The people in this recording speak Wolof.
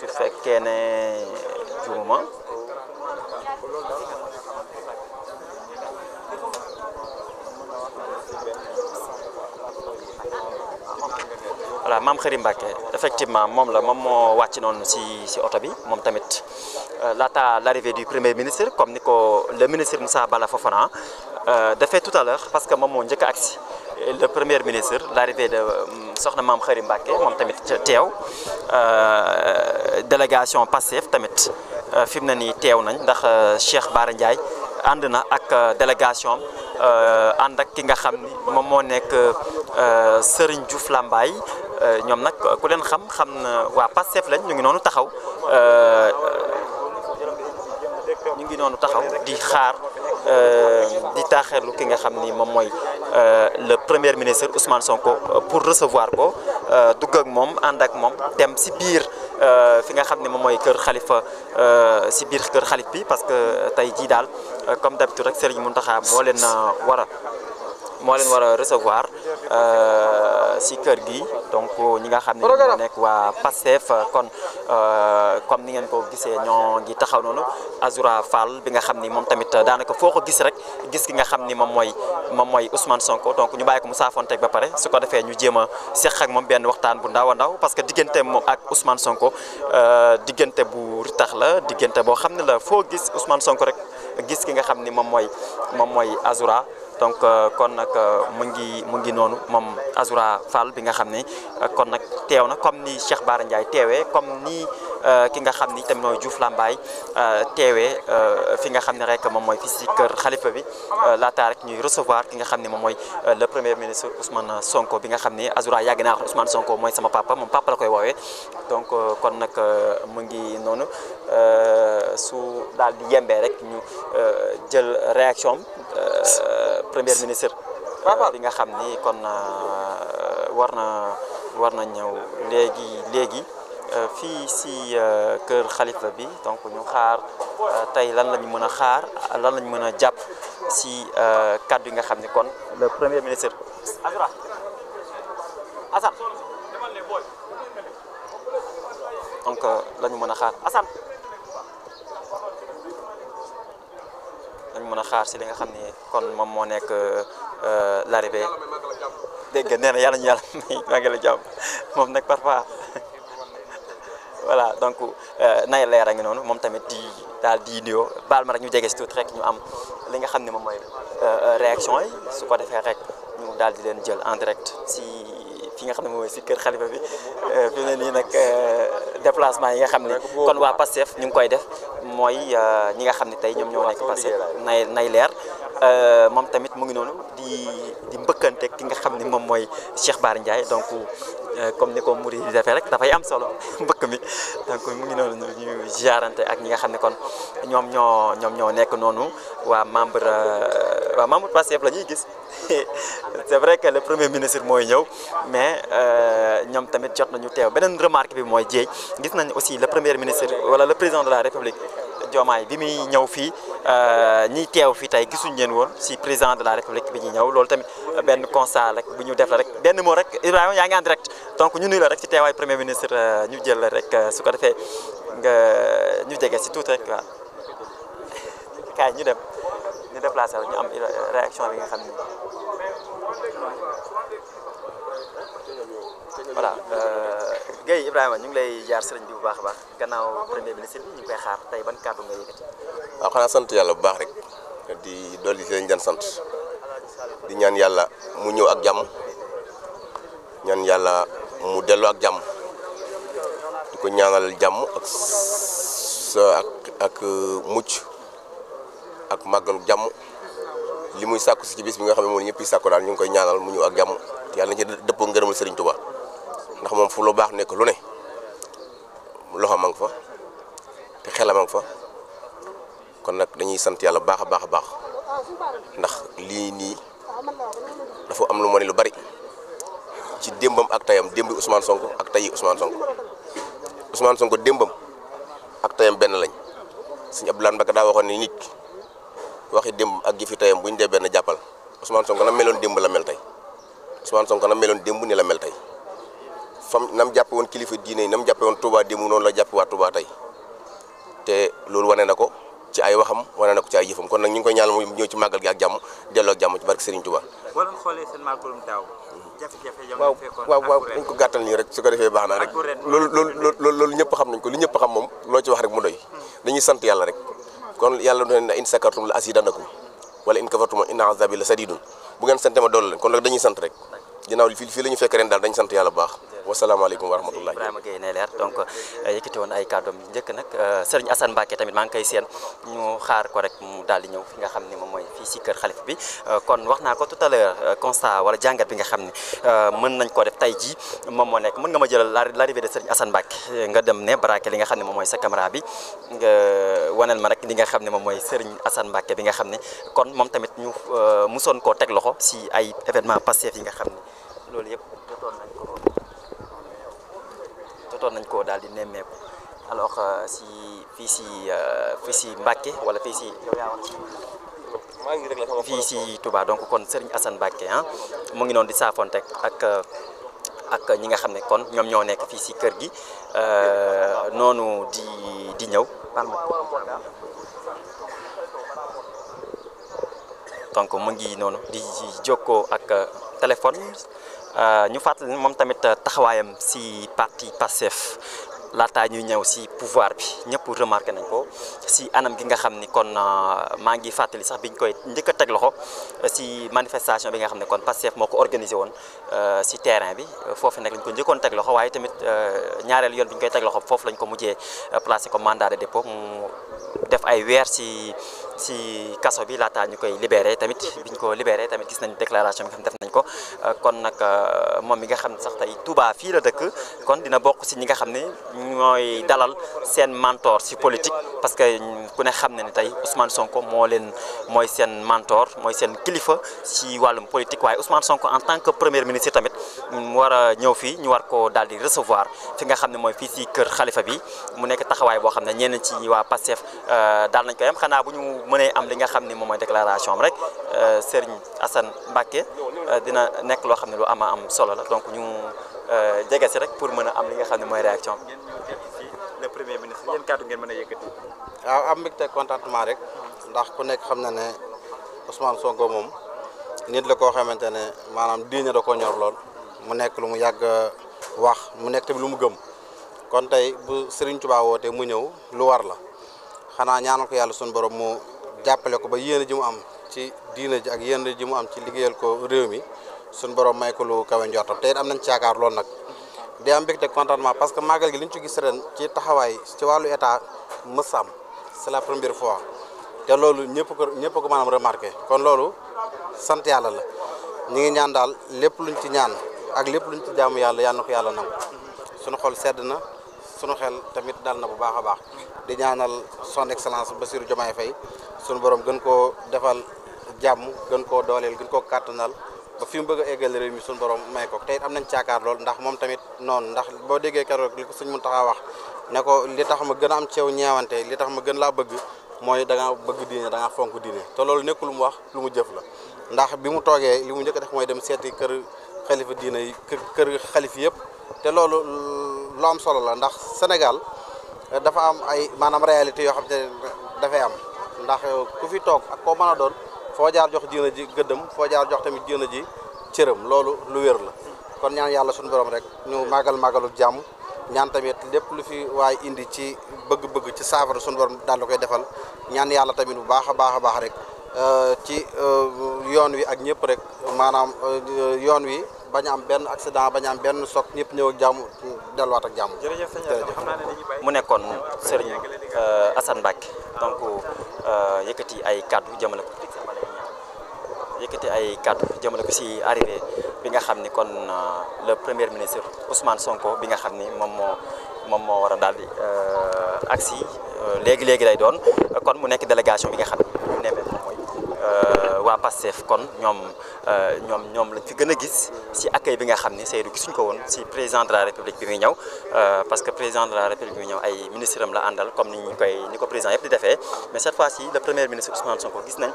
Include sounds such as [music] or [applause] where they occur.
su fekkee ne juuma voilà maam Xëri Mbàkke effectivement moom la moom moo wàcc noonu si si oto bi moom tamit Euh, laata l'arrivée du premier ministre comme ni ko le ministre Moussa Bala Fofana euh, dafay tout à l'heure parce que moom moo njëkk agsi le premier ministre l'arrivée de euh, soxna maam Xëri Mbàkke moom tamit teew délégation Pastef tamit fi mu ne nii teew nañ ndax Cheikh Bara Ndiaye ànd na ak délégation am ànd ak ki nga xam ni moom moo nekk Serigne Diouf Lambaye ñoom nag ku leen xam xam na waa lañ ñu ngi noonu taxaw ñu ngi noonu taxaw di xaar euh, di taaxeerlu ki nga xam ni moom mooy euh, le premier ministre Ousmane ko euh, pour recevoir ko dugg ak moom ànd ak moom dem si biir fi nga xam ne moom mooy kër xalifa si biir kër xalif bi parce que tey jii daal comme d'habitude rek Serigne Mountakha moo leen war a moo leen war a recevoir euh, si kër gi donc ñi nga xam ne ñoo nekk waa Pastef kon euh, comme ni ngeen ko gisee ñoo ngi taxaw noonu Azoura Fall bi nga xam ni moom tamit euh, daanaka foo ko gis rek gis ki nga xam ni moom mooy moom mooy Ousmane donc ñu bàyyi ko mu saafoonteeg ba pare su ko defee ñu jéem seq ak moom benn waxtaan bu ndaw a ndaw parce que diggante moom ak Ousmane Sonko diggante bu ritax la diggante boo xam ne la foo gis Ousmane Sonko rek gis ki nga xam ni moom mooy moom mooy Azoura donc euh, kon nag euh, mu ngi mu ngi noonu moom Azoura Fall bi nga xam ne euh, kon nag teew na comme ni Cheikh Bara Ndiaye teewee comme ni Euh, ki nga xam ni tamit mooy Diouf Lambaye euh, teewee euh, fi nga xam ne rek moom mooy fii si kër xalifa bi laataa rek ñuy recevoir ki nga xam ne moom mooy le premier ministre Ousmane Sonko bi nga xam ni Azoura yàgg naa wax Sonko mooy sama papa moom papa la koy woowee donc kon nag mu ngi noonu su daal di yembee rek ñu jël réaction am premier ministre bi nga xam ni kon war na war na ñëw léegi léegi Euh, fii si euh, kër xalifa bi donc ñu xaar euh, tey lan lañu mën a xaar lan la ñu mën a jàpp si kàddu yi nga xam ni kon premier ministre donc la mën a xaar Assane la mën a xaar si li xam ne kon moom moo nekk l'arrivée dégg nga nee na yàlla ñu yàlla may maa moom nag parfois voilà donc euh, nay leer a noonu moom tamit di daal di nuyoo baal ma rek ñu jege si tuuti rek ñu am li nga xam ne moom mooy euh, réaction yi su ko defee rek ñu daal di leen jël en direct si. fi nga xam ne mooy si kër xalifa bi euh, fi mu ne nii nag euh, déplacement yi nga xam ne kon waa Pastef ñu ngi koy def mooy euh, ñi nga xam ne tey ñoom ñoo nekk nay nay leer moom tamit mu ngi noonu di di mbëkkante ki nga xam ne moom mooy Cheikh Bara Ndiaye donc comme ni ko muri defee rek dafay am solo [laughs] mbëkk mi donc mu ngi noonu ñu ziarante ak ñi nga xam ne kon ñoom ñoo ñoom ñoo nekk noonu waa membre waa membre Pastef la ñuy gis [laughs] c'est vrai que le premier ministre mooy ñëw ñoom tamit jot nañu teew beneen remarque bi mooy jéey gis nañ aussi le premier ministre wala le président de la république Diomaye bi muy ñëw fii euh, ñiy teew fii tey gisuñ leen woon si président de la république bi ñu ñëw loolu tamit benn constat rek bu ñu def la rek benn moo rek Ibrahima yaa ngi en direct donc ñu nuyu la rek si teewaay premier ministre euh, ñu jël la rek euh, su ko defee nga ñu jege si tuuti rek [laughs] ñu dem ñu déplacé rek ñu am réaction bi nga xam voilà euh, Ibrahima ñu ngi lay jaar sëriñ bu baax a baax gannaaw premier ministre bi ban kàddu waaw ah, xanaa sant yàlla bu baax rek di dolli ci lañ daan sant di ñaan yàlla mu ñëw ak jàmm ñaan yàlla mu delloo ak jàmm di ko ñaanal jàmm ak ak ak euh, mucc ak màggalu jàmm li muy sàkku si ci bis bi nga xam ne moom ñëpp yi daal ñu ngi koy ñaanal mu ñëw ak jàmm te yàlla na ci dëppoo ngërëmal Serigne Touba. ndax moom fu lu baax nekk lu ne loxo ma nga fa te xelam fa kon nag dañuy sant yàlla baax a baax a baax ndax lii nii dafa am lu ma ne lu bari ci démbam ak teyam démbi Ousmane Sonko ak tayi Ousmane Sonko Ousmane Sonko démbam ak tayam benn lañ sëñ Abdoulaye Mbacke daa waxoon nii nit waxi démb ak jëfi tayam bu ñu dee benn jàppal Ousmane sonk na meloon démb la mel tey Ousmane sonk na meloon démb ni la mel tey. fam nam jàppe woon kilifa diine yi nam jàppe woon Touba démb noonu la jàppe waa tey te loolu wane na ko ci ay waxam wane na ko ci ay jëfam kon nag ñu ngi koy ñaanal gi ak jàmm delloo ak jàmm ci barke Serigne Touba. boo doon xoolee waaw waaw dañ ko gàttal rek su ko na rek. loolu loolu loolu ñëpp xam nañ ko li ñëpp xam moom loo ci wax rek mu doy. Hmm. dañuy sant yàlla rek kon yàlla doon na in sakartum la asidanakum wala in kafartum inna azabi la sadidun bu ngeen sante ma dool leen sant rek ginnaaw fii fii la ñu fekk ren daal dañu sant yàlla bu baax wasalaamaaleykum wa rahmatulah. Ibrahima Gueye ne leer donc euh, yëkkati woon ay kàddoom yu njëkk nag euh, sëriñ Assane Mbacke tamit maa ngi koy seen ñu xaar ko rek mu daal di ñëw fi nga xam ne moom mooy fii si kër xalif bi euh, kon wax naa ko tout à l'heure wala jàngat bi nga xam ni mën nañ ko def tey jii moom moo nekk mën nga ma jëlal l'arrivée de sëriñ Assane nga dem ne braqué li nga xam ne mooy sa caméra bi nga waneel ma rek li nga xam ne moom mooy sëriñ assan Mbacke bi nga xam ne kon moom tamit ñu musoon koo teg loxo si ay événement passé yi nga xam ne loolu yëpp jotoon nañ ko daal di nemmeeku alors euh, si fii si euh, fii si Mbacke wala fii si fii si tubaa donc kon Serigne Assane Mbacke ah mu ngi noonu di saafontek ak euh, ak ñi nga xam ne kon ñoom ñoo nekk fii si kër gi noonu di di ñëw donc mu ngi noonu di jokkoo ak téléphone Euh, ñu fàttali moom tamit euh, taxawaayam si parti Pastef laataa ñuy ñëw si pouvoir bi ñëpp remarqué nañ ko si anam gi nga xam ni kon euh, maa ngi fàttali sax biñ koy njëkk a teg si manifestation bi nga xam ne kon Pastef moo ko organisé woon si terrain bi foofu nag lañ ko njëkkoon teg loxo waaye tamit ñaareel yoon bi koy teg loxo foofu lañ ko mujjee placé ko mandat de dépôt mu def ay weer si. si kaso bi laata ñu koy libéré tamit biñ ko libéré tamit gis nañ déclaration bi nga xam def nañ ko euh, kon nag euh, moom mi nga xam ne sax tey tubaa fii la dëkk kon dina bokk si ñi nga xam ne ñooy dalal seen mentor si politique parce que ku ne xam ne ne tey Ousmane Sonko moo leen mooy seen mentor mooy seen kilifa si wàllum politique waaye Ousmane Sonko en tant que premier ministre tamit war a ñëw fii ñu war ko daal di recevoir fi nga xam ne mooy fii si kër xalifa bi mu nekk taxawaay boo xam ne ñenn ci waa Pastef euh, mënee am li nga xam ni moom mooy déclaration am rek euh, Serigne Assane Mbacké euh, dina nekk loo xam ne lu ama am solo la donc ñu euh, jege si rek pour mën a am li nga xam ne mooy réaction le premier ministre yéen kàddu ngeen mën a yëkkati. waaw am mbégte contentement rek ndax ku nekk xam na ne Ousmane Sonko moom nit la koo xamante ne maanaam diine da ko ñor lool mu nekk lu mu yàgg wax mu nekk tamit lu mu gëm kon tey bu Serigne Touba wootee mu ñëw lu war la xanaa ñaanal ko yàlla suñu borom mu jàppale ko ba yéene ji mu am ci diina ji ak yéene ji mu am ci liggéeyal ko réew mi suñ borom may ko lu kawe njortam te am nañ ci yaakaar loolu nag di am mbégte contentement parce que màggal gi li ñu ci gis ren taxawaay ci wàllu état mësam c'est la fois te loolu ñëpp ko ñëpp ko maanaam remarqué kon loolu sant yàlla la ñu ngi ñaan daal lépp luñ ci ñaan ak lépp luñ ci jaamu yàlla yàlla na ko yàlla nangu suñu xol sedd na sunu xel tamit dal na bu baax a baax di ñaanal son excellence Bassirou Diomaye Faye sunu borom gën koo defal jàmm gën koo dooleel gën koo kàttanal ba fi mu bëgg a eggal réew mi sunu borom may ko tey am nañ caakaar lool ndax moom tamit noon ndax boo déggee keroog li ko sëñ Mountakha wax ne ko li tax ma gën a am ceew ñeewante li tax ma gën laa bëgg mooy da nga bëgg diine da fonk diine te loolu nekku lu mu wax lu mu jëf la ndax bi mu toogee li mu njëkk a def mooy dem seeti kër xalifa diine yi kër xalif yëpp te loolu lu am solo la ndax Sénégal dafa am ay maanaam réalité yoo xam te dafay am ndax ku fi toog ak koo mën a doon foo jaar jox diina ji gëddëm foo jaar jox tamit diina ji cëram loolu lu wér la kon ñaan yàlla suñu borom rek ñu màggal màggalu jàmm ñaan tamit lépp lu fi waaye indi ci bëgg-bëgg ci saafara suñu borom daal di koy defal ñaan yàlla tamit bu baax a baax a baax rek euh, ci euh, yoon wi ak ñëpp rek maanaam euh, yoon wi bañ am benn accident bañ am benn soog ñëpp ñëw ak jàmm delluwaat ak jàmm. jërëjëf sëñ Assane xam naa ne dañuy bàyyi. mu nekkoon Serigne euh, Assane Mbacke donc euh, yëkkati ay kaddu jëmale ko yëkkati ay kaddu jëmale ko si arrivé bi nga xam ni kon euh, le premier ministre Ousmane Sonko bi nga xam ni moom moo moom moo war a daal di agsi léegi léegi lay doon kon mu nekk délégation bi nga xam. waa kon euh, ñoom ñoom lañ fi gën a gis si accueil bi nga xam ni Seydou gisuñ ko woon si président de la république bi muy ñëw euh, parce que président de la république bi muy ñëw ay ministre la àndal comme ni ñu koy ni ko président yëpp di defee mais cette fois ci le premier ministre Ousmane Sonko gis nañ